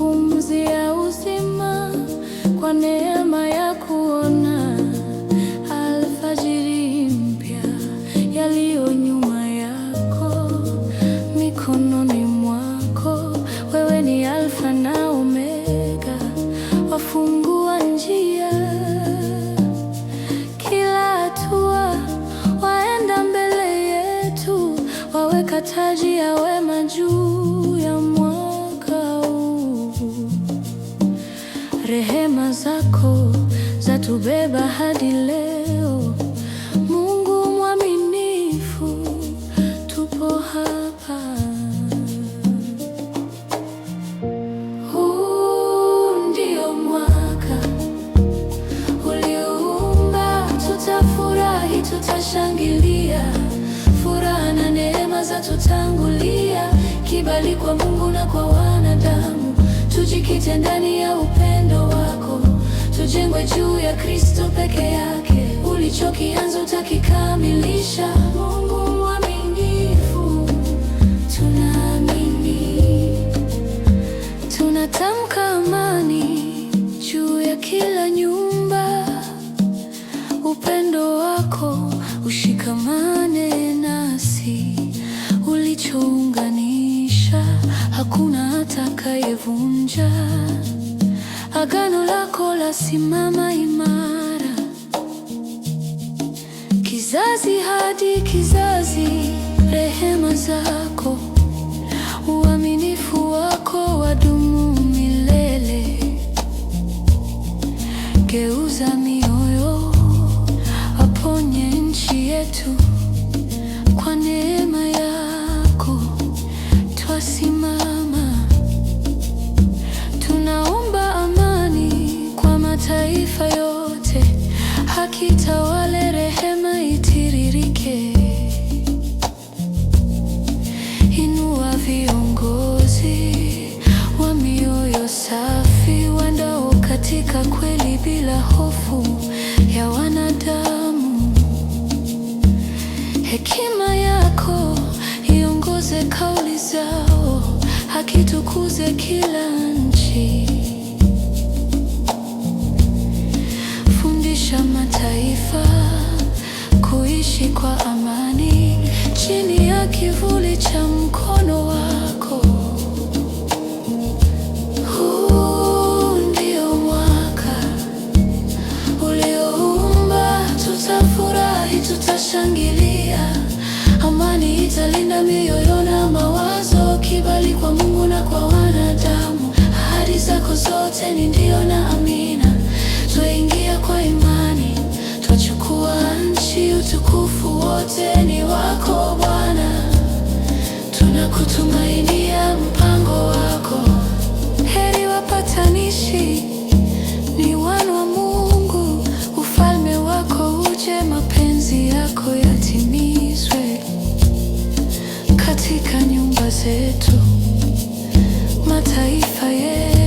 pumzi ya uzima kwa neema ya kuona alfajiri mpya, yaliyo nyuma yako mikononi mwako. Wewe ni Alfa na Omega, wafungua njia kila hatua, waenda mbele yetu, waweka taji ya wema juu zako zatubeba hadi leo. Mungu mwaminifu, tupo hapa. ndio mwaka uliumba, tutafurahi, tutashangilia. Furaha na neema zatutangulia, kibali kwa Mungu na kwa wanadamu. Tujikite ndani ya upendo wako tujengwe juu ya Kristo peke yake. Ulichokianza utakikamilisha. Mungu mwaminifu, tunaamini. Tunatamka amani juu ya kila nyumba. Upendo wako ushikamane nasi. Ulichounganisha hakuna atakayevunja. Agano lako la simama imara, kizazi hadi kizazi. Rehema zako, uaminifu wako wadumu milele. Geuza mioyo, aponye nchi yetu. akitawale, rehema itiririke. Inua viongozi wa mioyo safi, wandao katika kweli bila hofu ya wanadamu. Hekima yako iongoze kauli zao, hakitukuze kila taifa kuishi kwa amani chini ya kivuli cha mkono wako. Huu ndio mwaka ulioumba, tutafurahi, tutashangilia. Amani italinda mioyo na mawazo Sifa, utukufu wote ni wako Bwana, tunakutumainia mpango wako. Heri wapatanishi ni wana wa Mungu, ufalme wako uje, mapenzi yako yatimizwe katika nyumba zetu, mataifa yetu